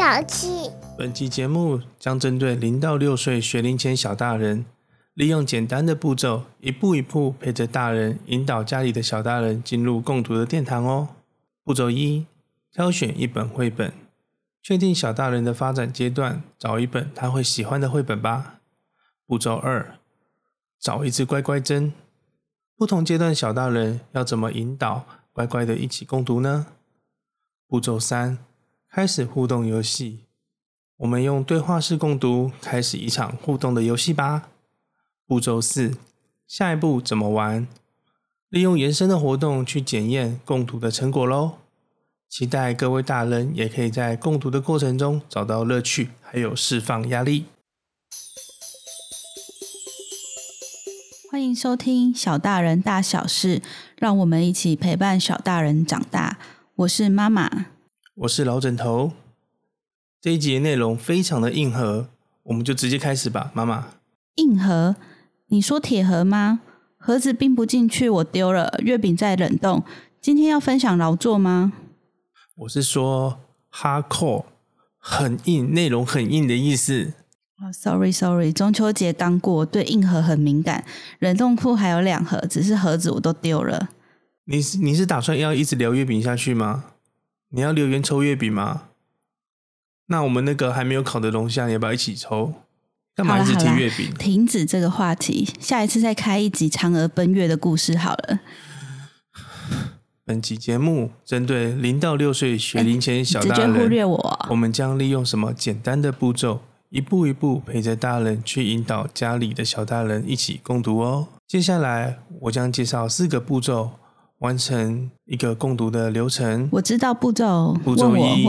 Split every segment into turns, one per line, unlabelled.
小七，本期節目將針對零到六歲學齡前小大人，利用簡單的步驟，一步一步陪着大人，引導家裡的小大人進入共讀的殿堂哦。步驟一，挑選一本繪本，確定小大人的發展階段，找一本他會喜歡的繪本吧。步驟二，找一支乖乖針。不同階段小大人要怎麼引導乖乖的一起共讀呢？步驟三。開始互動遊戲，我們用對話式共讀，開始一場互動的遊戲吧。步驟四，下一步怎麼玩？利用延伸的活動去檢驗共讀的成果咯。期待各位大人也可以在共讀的過程中找到樂趣，還有釋放壓力。
歡迎收聽《小大人大小事》，讓我們一起陪伴小大人長大。我是媽媽。
我是老枕頭，這一集內容非常的硬核，我們就直接開始吧，媽媽。
硬核？你說鐵盒嗎？盒子冰不進去，我丟了。月餅在冷凍，今天要分享勞作嗎？
我是說 hardcore，很硬，內容很硬的意思。
啊、oh，sorry，sorry，中秋節剛過，對硬核很敏感。冷凍庫還有兩盒，只是盒子
我都丟了。你你是打算要一直聊月餅下去嗎？你要留言抽月餅嗎？那我們那個還沒有烤的龍蝦你要不要一起抽？幹嘛一直提月餅？
停止這個話題，下一次再開一集《嫦娥奔月》的故事好了。
本期節目針對零到六歲學齡前小大人，直接忽略我。我們將利用什麼簡單的步驟，一步一步陪着大人去引導家裡的小大人一起共讀哦。接下來我將介紹四個步驟。完成一個共讀的流程，我知道步
驟。步驟一，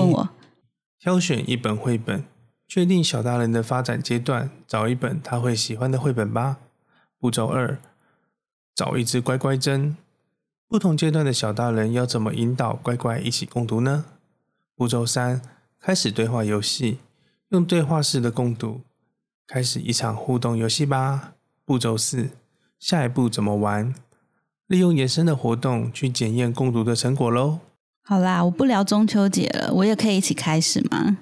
挑選一本繪本，確定小大人的發展階段，找一本他會喜歡的繪本吧。步驟二，找一支乖乖針。不同階段的小大人要怎麼引導乖乖一起共讀呢？步驟三，開始對話遊戲，用對話式的共讀，開始一場互動遊戲吧。步驟四，下一步怎麼玩？利用延伸的活動去檢驗共讀的成果嘍。
好啦，我不聊中秋節了，我也可以一起開始嗎？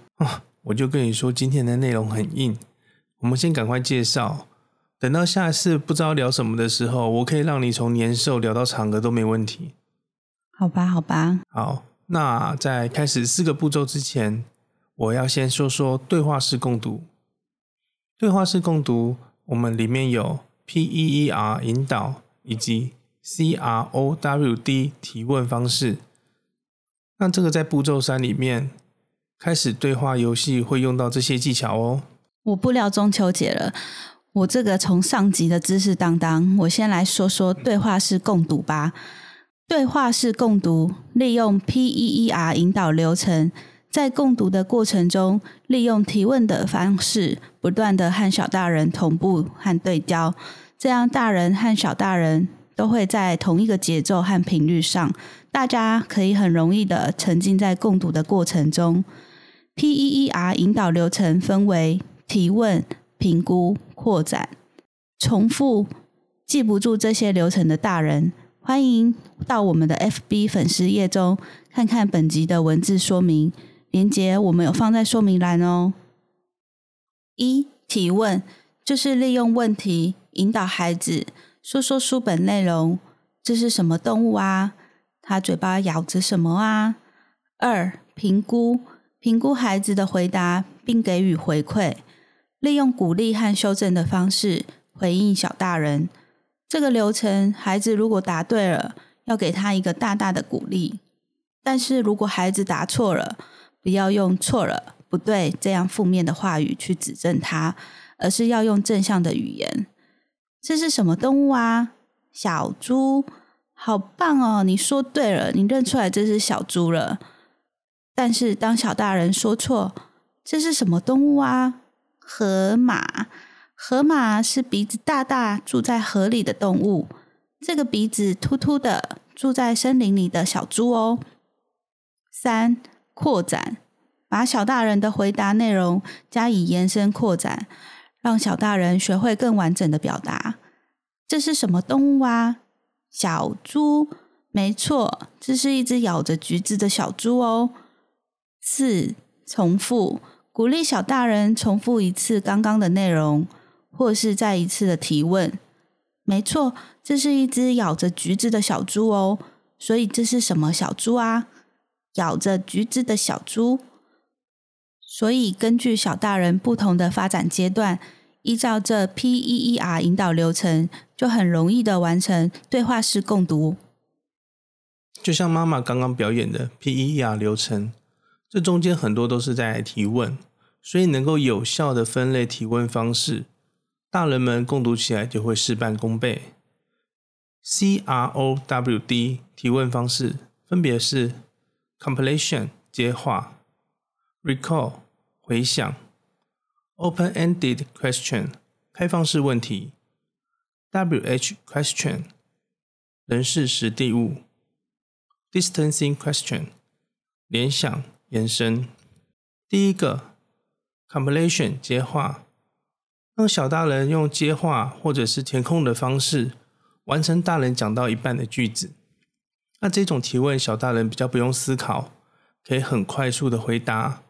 我就跟你說，今天的內容很硬，我們先趕快介紹。等到下一次不知道聊什麼的時候，我可以讓你從年獸聊到嫦娥都沒問題。
好吧，好吧，
好。那在開始四個步驟之前，我要先說說對話式共讀。對話式共讀，我們裡面有 P.E.E.R. 引導以及。C R O W D 提問方式，那這個在步驟三裡面開始對話遊戲會用到這些技巧哦。我
不聊中秋節了，我這個從上集的知識當當，我先來說說對話式共讀吧。對話式共讀利用 P E E R 引導流程，在共讀的過程中，利用提問的方式，不斷地和小大人同步和對焦，這樣大人和小大人。都會在同一個節奏和頻率上，大家可以很容易的沉浸在共讀的過程中。P.E.E.R. 引導流程分為提問、評估、擴展、重複。記不住這些流程的大人，歡迎到我們的 F.B. 粉絲頁中看看本集的文字說明，連結我們有放在說明欄哦。一、提問就是利用問題引導孩子。說說書本內容，這是什麼動物啊？他嘴巴咬着什麼啊？二、評估，評估孩子的回答，並給予回饋，利用鼓勵和修正的方式回應小大人。這個流程，孩子如果答對了，要給他一個大大的鼓勵；但是如果孩子答錯了，不要用錯了、不對這樣負面的話語去指正他，而是要用正向的語言。這是什麼動物啊？小豬，好棒哦！你說對了，你認出來這是小豬了。但是當小大人說錯，這是什麼動物啊？河馬，河馬是鼻子大大、住在河裡的動物。這個鼻子突突的、住在森林裡的小豬哦。三、擴展，把小大人的回答內容加以延伸擴展。讓小大人學會更完整的表達。這是什麼動物啊？小豬，沒錯，這是一隻咬着橘子的小豬哦。四，重複，鼓勵小大人重複一次剛剛的內容，或是再一次的提問。沒錯，這是一隻咬着橘子的小豬哦。所以這是什麼小豬啊？咬着橘子的小豬。所以，根據小大人不同的發展階段，依照這 PEER 引導流程，就很容易的完成對話式共讀。
就像媽媽剛剛表演的 PEER 流程，這中間很多都是在提問，所以能夠有效的分類提問方式，大人們共讀起來就會事半功倍。CROWD 提問方式分別是：completion 接話、recall。回想，open-ended question（ 開放式問題 ），W-H question（ 人、事、時、地、物 ），distancing question（ 聯想、延伸）。第一個 completion 接話，讓小大人用接話或者是填空的方式，完成大人講到一半的句子。那這種提問，小大人比較不用思考，可以很快速的回答。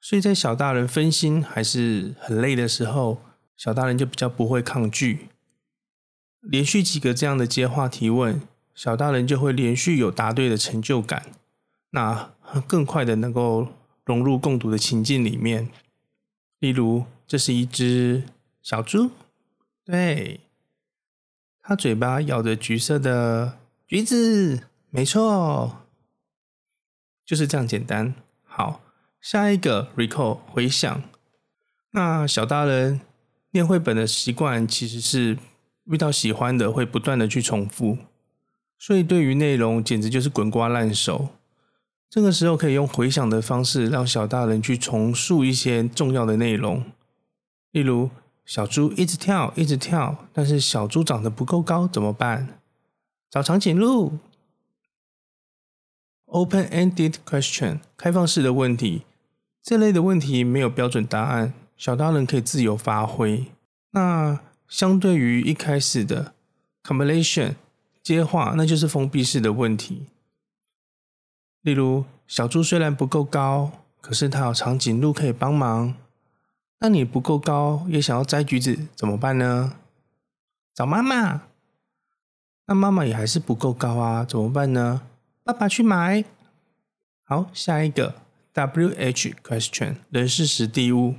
所以在小大人分心還是很累的時候，小大人就比較不會抗拒。連續幾個這樣的接話提問，小大人就會連續有答對的成就感，那更快的能夠融入共讀的情境裡面。例如，這是一隻小豬，對，它嘴巴咬着橘色的橘子，沒錯，就是這樣簡單。好。下一個 recall 回想，那小大人念繪本的習慣其實是遇到喜歡的會不斷的去重複，所以對於內容簡直就是滾瓜爛熟。這個時候可以用回想的方式，讓小大人去重述一些重要的內容，例如小豬一直跳一直跳，但是小豬長得不夠高怎麼辦？找長頸鹿。Open-ended question，開放式的問題，這類的問題沒有標準答案，小大人可以自由發揮。那相對於一開始的 completion 接話，那就是封閉式的問題。例如，小豬雖然不夠高，可是它有長頸鹿可以幫忙。那你不夠高也想要摘橘子怎麼辦呢？找媽媽。那媽媽也還是不夠高啊，怎麼辦呢？爸爸去買。好，下一個 W H question 人事時地物，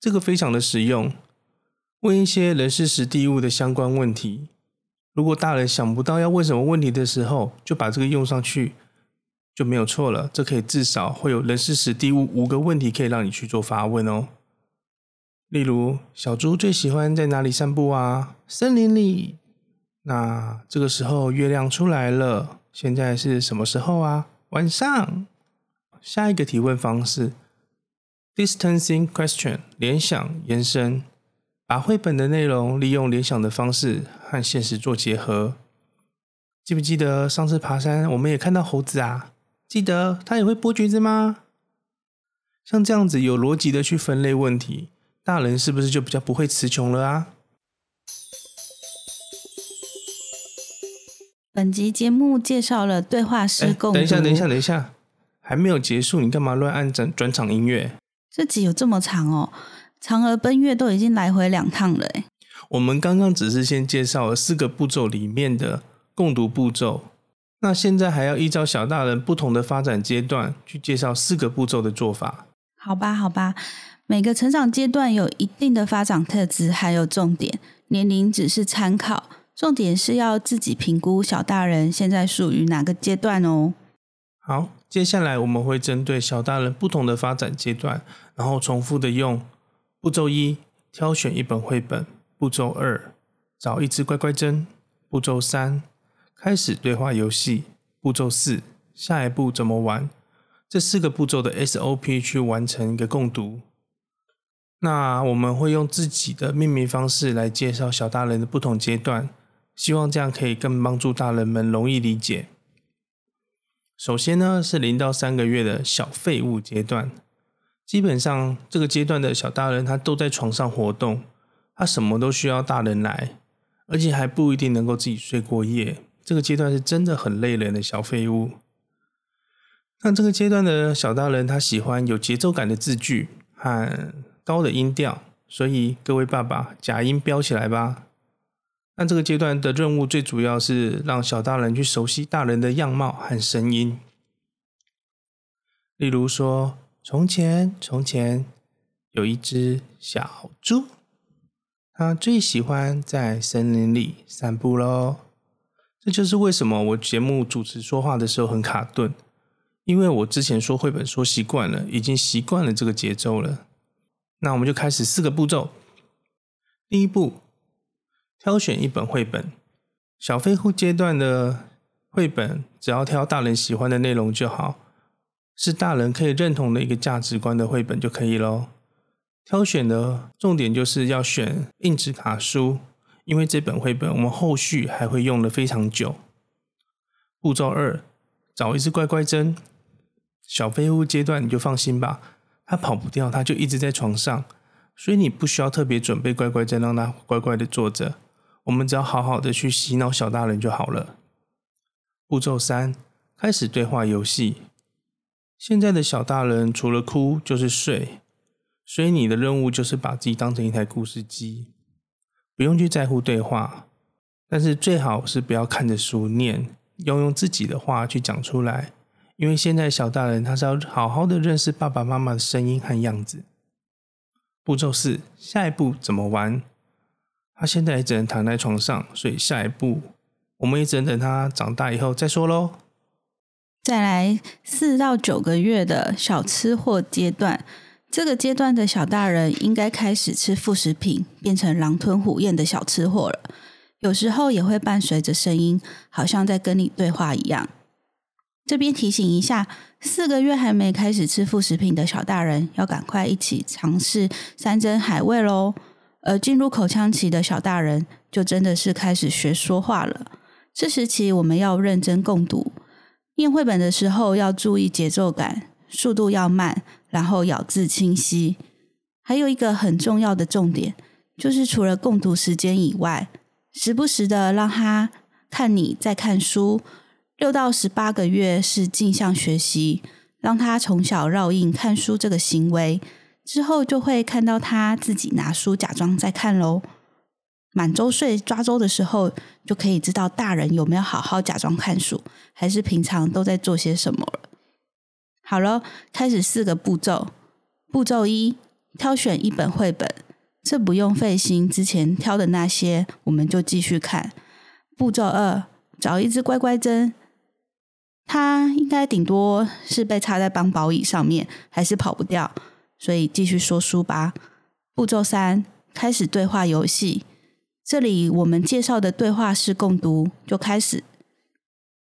這個非常的實用，問一些人事時地物的相關問題。如果大人想不到要問什麼問題的時候，就把這個用上去就沒有錯了。這可以至少會有人事時地物五個問題可以讓你去做發問哦。例如，小豬最喜歡在哪裡散步啊？森林裡。那這個時候月亮出來了。現在是什麼時候啊？晚上。下一個提問方式，distancing question，聯想延伸，把繪本的內容利用聯想的方式和現實做結合。記不記得上次爬山我們也看到猴子啊？記得，它也會剝橘子嗎？像這樣子有邏輯的去分類問題，大人是不是就比較不會詞窮了啊？
本集節目介紹了對話式共讀。等一下，等一下，
等一下，還沒有結束，你幹嘛亂按轉轉場音樂？
這集有這麼長哦，嫦娥奔月都已經來回兩趟了。哎，
我們剛剛只是先介紹了四個步驟裡面的共讀步驟，那現在還要依照小大人不同的發展階段去介紹四個步驟的做法。
好吧，好吧，每個成長階段有一定的發展特質，還有重點，年齡只是參考。重點是要自己評估小大人現在屬於哪個階段哦。
好，接下來我們會針對小大人不同的發展階段，然後重複的用步驟一：挑選一本繪本；步驟二：找一支乖乖針；步驟三：開始對話遊戲；步驟四：下一步怎麼玩？這四個步驟的 SOP 去完成一個共讀。那我們會用自己的命名方式來介紹小大人的不同階段。希望這樣可以更幫助大人們容易理解。首先呢，是零到三個月的小廢物階段，基本上這個階段的小大人他都在床上活動，他什麼都需要大人來，而且還不一定能夠自己睡過夜。這個階段是真的很累人的小廢物。那這個階段的小大人他喜歡有節奏感的字句和高的音調，所以各位爸爸假音飆起來吧。但這個階段的任務最主要是讓小大人去熟悉大人的樣貌和聲音。例如說，從前從前有一隻小豬，它最喜歡在森林裡散步嘍。這就是為什麼我節目主持說話的時候很卡頓，因為我之前說繪本說習慣了，已經習慣了這個節奏了。那我們就開始四個步驟，第一步。挑選一本繪本，小飛虎階段的繪本，只要挑大人喜歡的內容就好，是大人可以認同的一個價值觀的繪本就可以咯。挑選的重點就是要選硬紙卡書，因為這本繪本我們後續還會用的非常久。步驟二，找一支乖乖針。小飛屋階段你就放心吧，他跑不掉，他就一直在床上，所以你不需要特別準備乖乖針，讓他乖乖的坐着。我們只要好好的去洗腦小大人就好了。步驟三，開始對話遊戲。現在的小大人除了哭就是睡，所以你的任務就是把自己當成一台故事機，不用去在乎對話，但是最好是不要看着書念，要用，用自己的話去講出來，因為現在小大人他是要好好的認識爸爸媽媽的聲音和樣子。步驟四，下一步怎麼玩？他現在也只能躺在床上，所以下一步我們也只能等他長大以後再說嘍。
再來四到九個月的小吃貨階段，這個階段的小大人應該開始吃副食品，變成狼吞虎嚥的小吃貨了。有時候也會伴隨着聲音，好像在跟你對話一樣。這邊提醒一下，四個月還沒開始吃副食品的小大人，要趕快一起嘗試山珍海味嘍。而進入口腔期的小大人就真的是開始學說話了。這時期我們要認真共讀，念繪本的時候要注意節奏感，速度要慢，然後咬字清晰。還有一個很重要的重點，就是除了共讀時間以外，時不時的讓他看你在看書。六到十八個月是鏡像學習，讓他從小繞印看書這個行為。之後就會看到他自己拿書假裝在看嘍。滿周歲抓周的時候，就可以知道大人有沒有好好假裝看書，還是平常都在做些什麼了。好了，開始四個步驟。步驟一，挑選一本繪本，這不用費心，之前挑的那些我們就繼續看。步驟二，找一支乖乖針，他應該頂多是被插在幫寶椅上面，還是跑不掉。所以繼續說書吧。步驟三，開始對話遊戲。這裡我們介紹的對話式共讀就開始，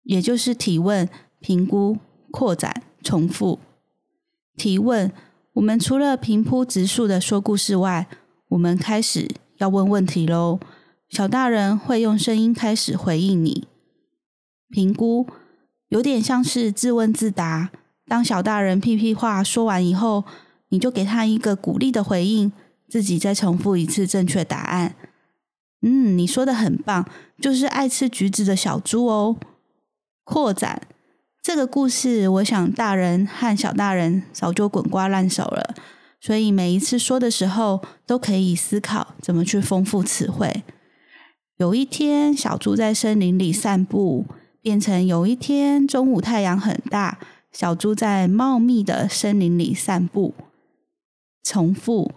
也就是提問、評估、擴展、重複。提問，我們除了平鋪直述的說故事外，我們開始要問問題嘍。小大人會用聲音開始回應你。評估有點像是自問自答。當小大人屁屁話說完以後。你就給他一個鼓勵的回應，自己再重複一次正確答案。嗯，你說得很棒，就是愛吃橘子的小豬哦。擴展這個故事，我想大人和小大人早就滾瓜爛熟了，所以每一次說的時候，都可以思考怎麼去豐富詞彙。有一天，小豬在森林裡散步，變成有一天中午太陽很大，小豬在茂密的森林裡散步。重複，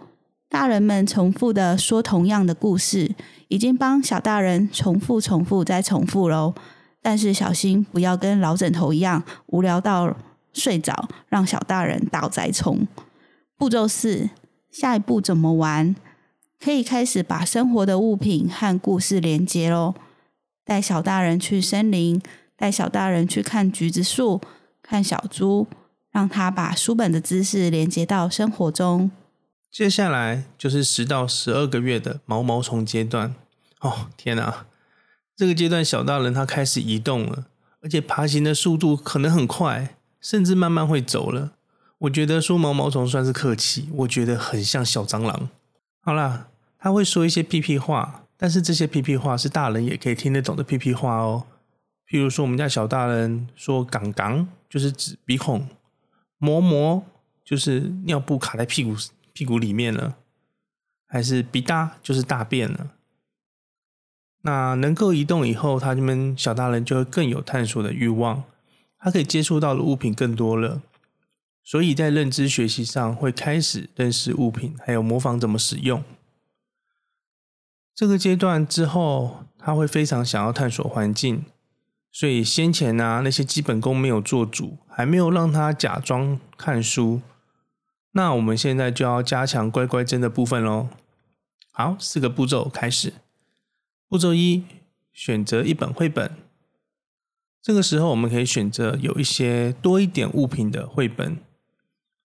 大人們重複的說同樣的故事，已經幫小大人重複、重複再重複嘍。但是小心不要跟老枕頭一樣無聊到睡着，讓小大人倒栽蔥。步驟四，下一步怎麼玩？可以開始把生活的物品和故事連接嘍。帶小大人去森林，帶小大人去看橘子樹，看小豬。讓他把書本的知識連接到生活中。
接下來就是十到十二個月的毛毛蟲階段。哦，天哪、啊，這個階段小大人他開始移動了，而且爬行的速度可能很快，甚至慢慢會走了。我覺得說毛毛蟲算是客氣，我覺得很像小蟑螂。好啦，他會說一些屁屁話，但是這些屁屁話是大人也可以聽得懂的屁屁話哦。譬如說，我們家小大人說“槓槓”，就是指鼻孔。磨磨就是尿布卡在屁股屁股裡面了，還是鼻搭，就是大便了。那能夠移動以後，他們小大人就會更有探索的慾望，他可以接觸到的物品更多了，所以在認知學習上會開始認識物品，還有模仿怎麼使用。這個階段之後，他會非常想要探索環境。所以先前呢、啊，那些基本功沒有做足，還沒有讓他假裝看書，那我們現在就要加強乖乖針的部分咯。好，四個步驟開始。步驟一，選擇一本繪本。這個時候我們可以選擇有一些多一點物品的繪本，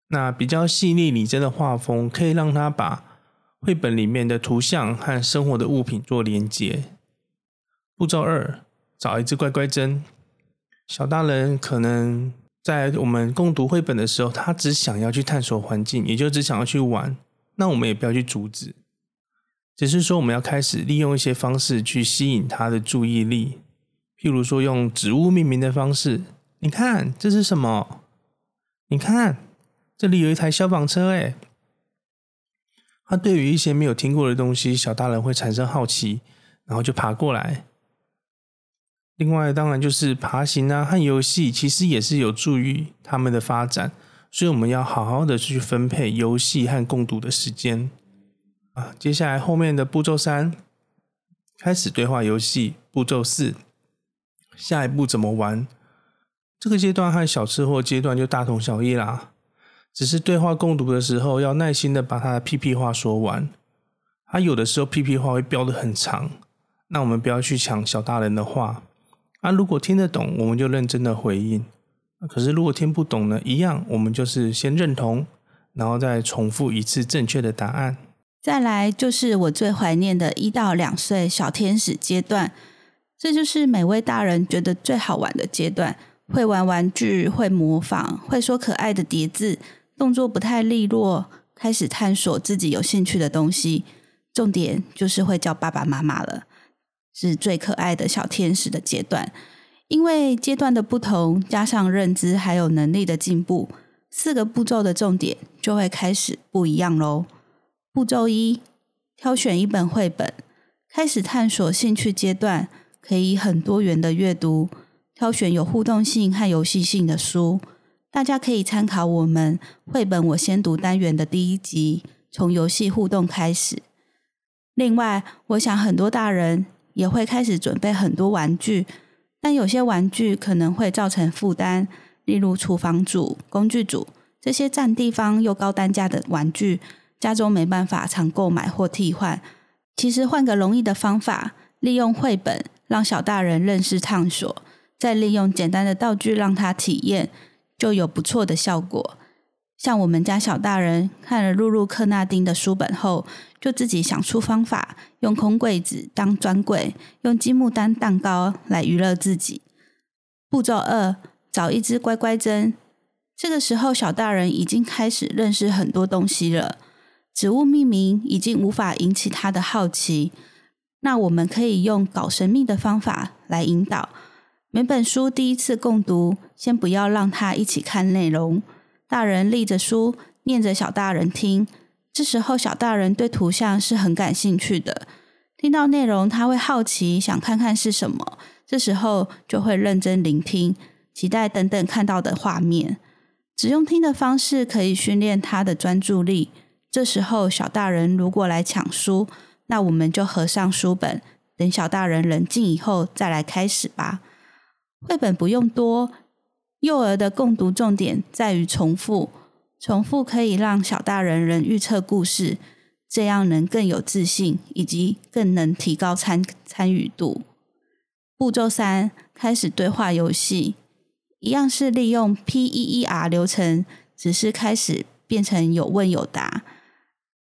那比較細膩擬真的畫風，可以讓他把繪本裡面的圖像和生活的物品做連接。步驟二。找一支乖乖針。小大人可能在我們共讀繪本的時候，他只想要去探索環境，也就只想要去玩。那我們也不要去阻止，只是說我們要開始利用一些方式去吸引他的注意力，譬如說用植物命名的方式。你看這是什麼？你看這裡有一台消防車，哎，他對於一些沒有聽過的東西，小大人會產生好奇，然後就爬過來。另外，當然就是爬行啊和遊戲，其實也是有助於他們的發展，所以我們要好好的去分配遊戲和共讀的時間啊。接下來後面的步驟三，開始對話遊戲；步驟四，下一步怎麼玩？這個階段和小吃貨階段就大同小異啦，只是對話共讀的時候要耐心的把他的屁屁話說完，他有的時候屁屁話會飆得很長，那我們不要去搶小大人的話。啊，如果聽得懂，我們就認真的回應；可是如果聽不懂呢，一樣，我們就是先認同，然後再重複一次正確的答案。
再來就是我最懷念的一到兩歲小天使階段，這就是每位大人覺得最好玩的階段。會玩玩具，會模仿，會說可愛的疊字，動作不太利落，開始探索自己有興趣的東西。重點就是會叫爸爸媽媽了。是最可愛的小天使的階段，因為階段的不同，加上認知還有能力的進步，四個步驟的重點就會開始不一樣嘍。步驟一，挑選一本繪本，開始探索興趣階段，可以很多元的閱讀，挑選有互動性和遊戲性的書，大家可以參考我們繪本我先讀單元的第一集，從遊戲互動開始。另外，我想很多大人，也會開始準備很多玩具，但有些玩具可能會造成負擔，例如廚房組、工具組，這些占地方又高單價的玩具，家中沒辦法常購買或替換。其實換個容易的方法，利用繪本讓小大人認識探索，再利用簡單的道具讓他體驗，就有不錯的效果。像我們家小大人看了《露露克納丁》的書本後，就自己想出方法，用空櫃子當專櫃，用積木當蛋糕來娛樂自己。步驟二，找一支乖乖針。這個時候，小大人已經開始認識很多東西了，植物命名已經無法引起他的好奇。那我們可以用搞神秘的方法來引導。每本書第一次共讀，先不要讓他一起看內容。大人立着書，念着小大人聽。這時候，小大人對圖像是很感興趣的。聽到內容，他會好奇，想看看是什麼。這時候就會認真聆聽，期待等等看到的畫面。只用聽的方式，可以訓練他的專注力。這時候，小大人如果來搶書，那我們就合上書本，等小大人冷靜以後，再來開始吧。繪本不用多。幼兒的共讀重點在於重複，重複可以讓小大人能預測故事，這樣能更有自信，以及更能提高參參與度。步驟三，開始對話遊戲，一樣是利用 PEER 流程，只是開始變成有問有答。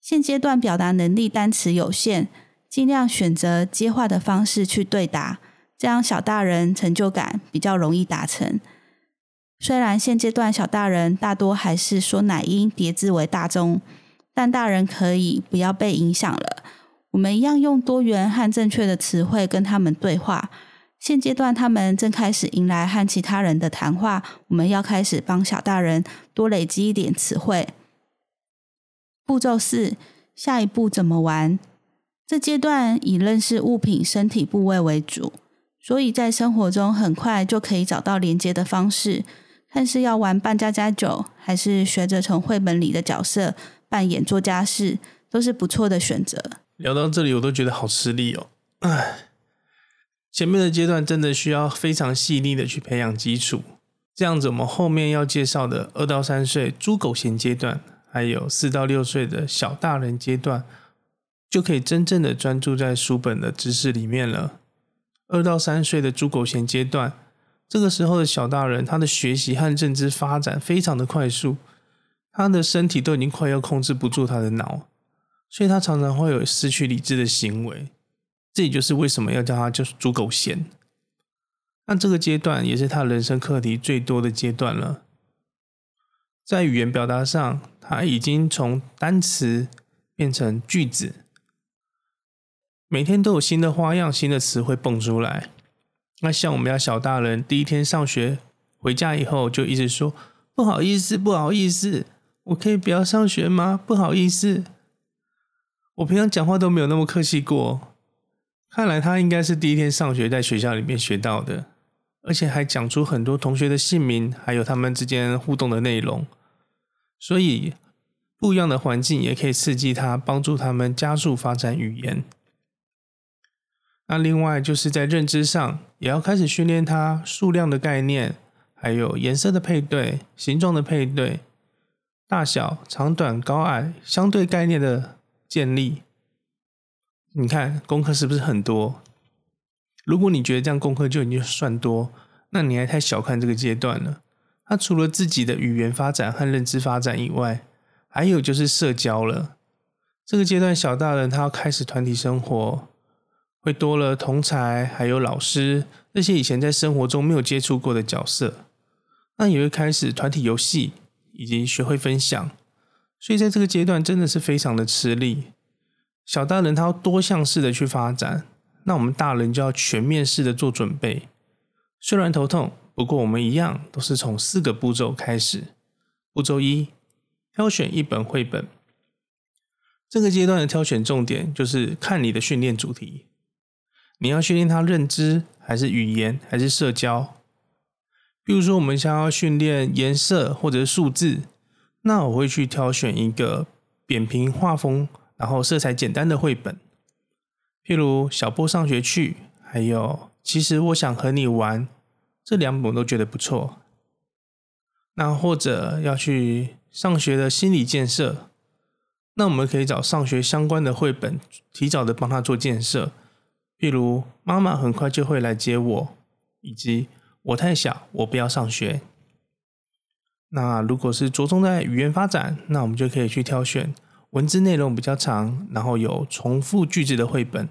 現階段表達能力單詞有限，儘量選擇接話的方式去對答，這樣小大人成就感比較容易達成。雖然現階段小大人大多還是說奶音疊字為大宗，但大人可以不要被影響了。我們一樣用多元和正確的詞彙跟他們對話。現階段他們正開始迎來和其他人的談話，我們要開始幫小大人多累積一點詞彙。步驟四，下一步怎麼玩？這階段以認識物品、身體部位為主，所以在生活中很快就可以找到連接的方式。但是要玩扮家家酒，還是學着從繪本裡的角色扮演做家事，都是不錯的選擇。
聊到這裡，我都覺得好吃力哦！唉，前面的階段真的需要非常細膩的去培養基礎，這樣子我們後面要介紹的二到三歲豬狗嫌階段，還有四到六歲的小大人階段，就可以真正的專注在書本的知識裡面了。二到三歲的豬狗嫌階段。這個時候的小大人，他的學習和認知發展非常的快速，他的身體都已經快要控制不住他的腦，所以他常常會有失去理智的行為。這也就是為什麼要叫他就是“豬狗嫌”。那這個階段也是他人生課題最多的階段了。在語言表達上，他已經從單詞變成句子，每天都有新的花樣、新的詞彙蹦出來。那像我們家小大人第一天上學回家以後，就一直說不好意思，不好意思，我可以不要上學嗎？不好意思。我平常講話都沒有那麼客氣過。看來他應該是第一天上學在學校裡面學到的，而且還講出很多同學的姓名，還有他們之間互動的內容。所以，不一樣的環境也可以刺激他，幫助他們加速發展語言。那另外就是在認知上，也要開始訓練他數量的概念，還有顏色的配對、形狀的配對、大小、長短、高矮、相對概念的建立。你看功課是不是很多？如果你覺得這樣功課就已經算多，那你還太小看這個階段了。他除了自己的語言發展和認知發展以外，還有就是社交了。這個階段小大人他要開始團體生活。會多了同儕，還有老師，那些以前在生活中沒有接觸過的角色，那也會開始團體遊戲，以及學會分享。所以在這個階段真的是非常的吃力。小大人他要多項式的去發展，那我們大人就要全面式的做準備。雖然頭痛，不過我們一樣都是從四個步驟開始。步驟一，挑選一本繪本。這個階段的挑選重點就是看你的訓練主題。你要訓練他認知，還是語言，還是社交？譬如說，我們想要訓練顏色或者數字，那我會去挑選一個扁平畫風，然後色彩簡單的繪本，譬如《小波上學去》，還有《其實我想和你玩》，這兩本我都覺得不錯。那或者要去上學的心理建設，那我們可以找上學相關的繪本，提早的幫他做建設。譬如，媽媽很快就會來接我，以及我太小，我不要上學。那如果是着重在語言發展，那我們就可以去挑選文字內容比較長，然後有重複句子的繪本。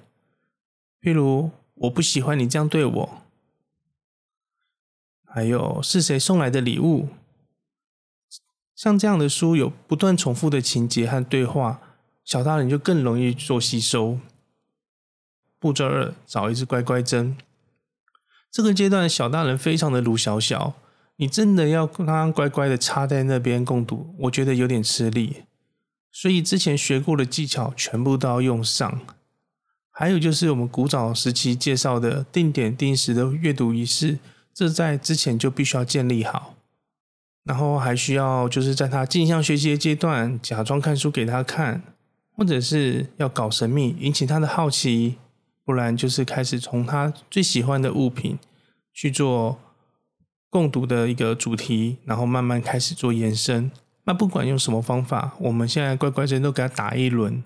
譬如，我不喜歡你這樣對我，還有是誰送來的禮物？像這樣的書有不斷重複的情節和對話，小大人就更容易做吸收。步驟二：找一支乖乖針。這個階段的小大人非常的魯小小，你真的要跟他乖乖的插在那邊共讀，我覺得有點吃力。所以之前學過的技巧全部都要用上。還有就是我們古早時期介紹的定點定時的閱讀儀式，這在之前就必須要建立好。然後還需要就是在他鏡像學習的階段，假裝看書給他看，或者是要搞神秘，引起他的好奇。不然就是開始從他最喜歡的物品去做共讀的一個主題，然後慢慢開始做延伸。那不管用什麼方法，我們現在乖乖針都給他打一輪。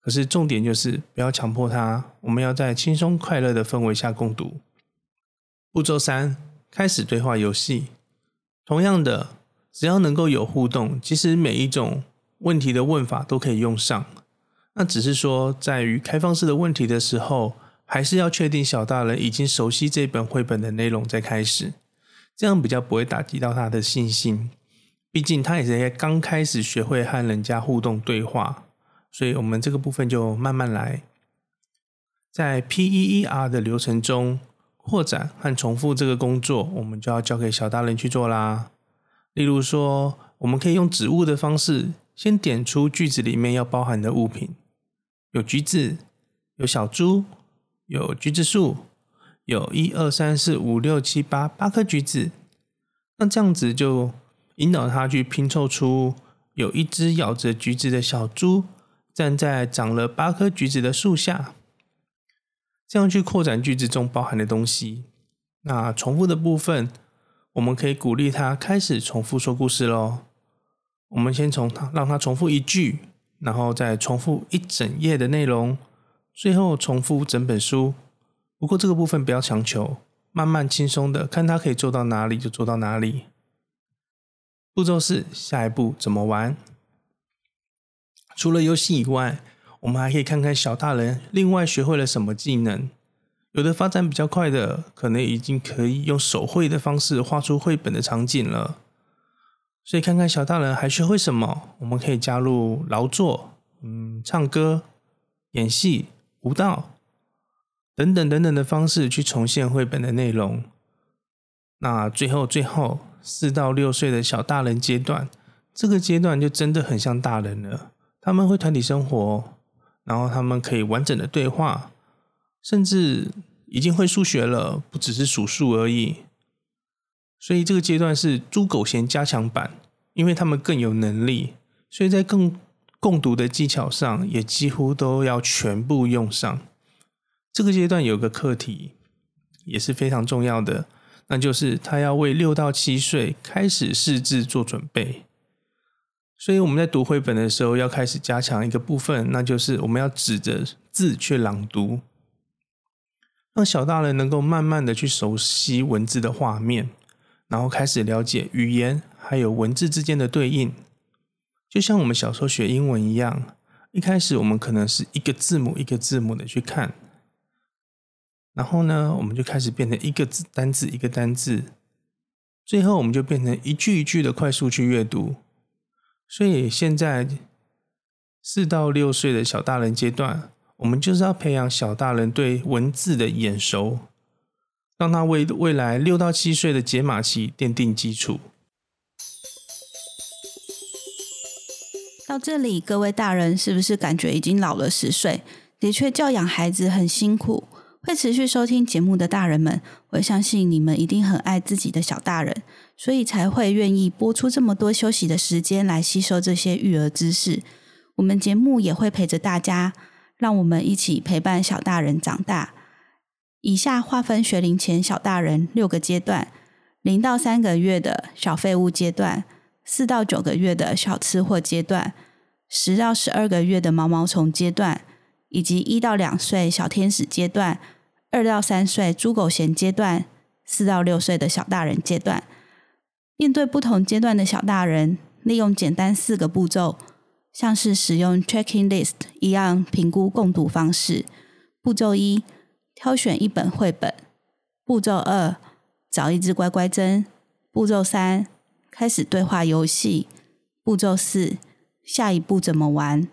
可是重點就是不要強迫他，我們要在輕鬆快樂的氛圍下共讀。步驟三，開始對話遊戲。同樣的，只要能夠有互動，其實每一種問題的問法都可以用上。那只是說，在於開放式的問題的時候，還是要確定小大人已經熟悉這本繪本的內容，再開始，這樣比較不會打擊到他的信心。畢竟他也是剛開始學會和人家互動對話，所以我們這個部分就慢慢來。在 PEER 的流程中，擴展和重複這個工作，我們就要交給小大人去做啦。例如說，我們可以用指物的方式，先點出句子裡面要包含的物品。有橘子，有小豬，有橘子樹，有一二三四五六七八八顆橘子。那這樣子就引導他去拼湊出有一隻咬着橘子的小豬站在長了八顆橘子的樹下。這樣去擴展句子中包含的東西。那重複的部分，我們可以鼓勵他開始重複說故事嘍。我們先從他，讓他重複一句。然後再重複一整頁的內容，最後重複整本書。不過這個部分不要強求，慢慢輕鬆的看他可以做到哪裡就做到哪裡。步驟四，下一步怎麼玩？除了遊戲以外，我們還可以看看小大人另外學會了什麼技能。有的發展比較快的，可能已經可以用手繪的方式畫出繪本的場景了。所以，看看小大人還學會什麼？我們可以加入勞作、嗯，唱歌、演戲、舞蹈等等等等的方式去重現繪本的內容。那最後最後，四到六歲的小大人階段，這個階段就真的很像大人了。他們會團體生活，然後他們可以完整的對話，甚至已經會數學了，不只是數數而已。所以這個階段是豬狗嫌加強版，因為他們更有能力，所以在更共讀的技巧上也幾乎都要全部用上。這個階段有個課題也是非常重要的，那就是他要為六到七歲開始識字做準備。所以我們在讀繪本的時候要開始加強一個部分，那就是我們要指着字去朗讀，讓小大人能夠慢慢的去熟悉文字的畫面。然後開始了解語言，還有文字之間的對應，就像我們小時候學英文一樣，一開始我們可能是一個字母一個字母的去看，然後呢，我們就開始變成一個字單字一個單字，最後我們就變成一句一句的快速去閱讀。所以現在四到六歲的小大人階段，我們就是要培養小大人對文字的眼熟。讓他為未，未來六到七歲的解碼期奠定基礎。
到這裡，各位大人是不是感覺已經老了十歲？的確，教養孩子很辛苦。會持續收聽節目的大人們，我相信你們一定很愛自己的小大人，所以才會願意播出這麼多休息的時間來吸收這些育兒知識。我們節目也會陪着大家，讓我們一起陪伴小大人長大。以下劃分學齡前小大人六個階段：零到三個月的小廢物階段，四到九個月的小吃貨階段，十到十二個月的毛毛蟲階段，以及一到兩歲小天使階段，二到三歲豬狗嫌階段，四到六歲的小大人階段。面對不同階段的小大人，利用簡單四個步驟，像是使用 checking list 一樣評估共讀方式。步驟一。挑選一本繪本，步驟二，找一支乖乖針，步驟三，開始對話遊戲，步驟四，下一步怎麼玩？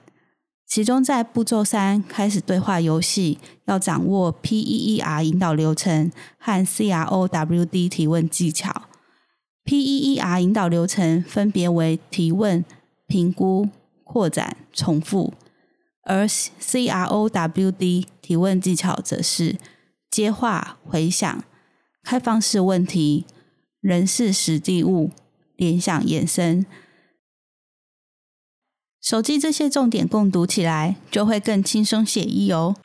其中在步驟三開始對話遊戲，要掌握 P.E.E.R 引導流程和 C.R.O.W.D 提問技巧。P.E.E.R 引導流程分別為提問、評估、擴展、重複。而 CROWD 提問技巧則是接話、回想、開放式問題、人事時地物、聯想、延伸、手機。這些重點共讀起來，就會更輕鬆寫意哦。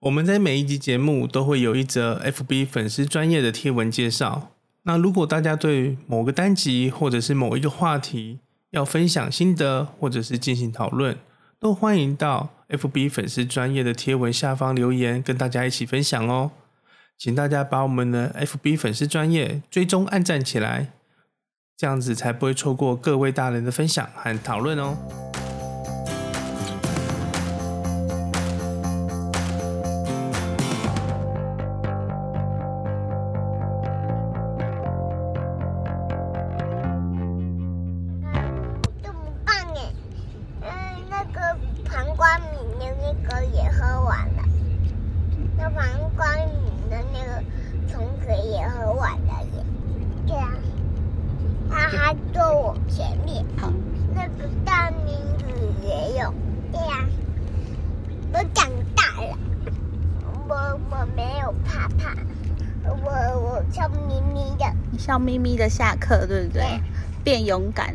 我們在每一集節目都會有一則 FB 粉絲專業的貼文介紹。那如果大家對某個單集或者是某一個話題要分享心得或者是進行討論，都歡迎到。F B 粉絲專頁的貼文下方留言，跟大家一起分享哦。請大家把我們的 F B 粉絲專頁追蹤按讚起來，這樣子才不會錯過各位大人的分享和討論哦。
勇敢。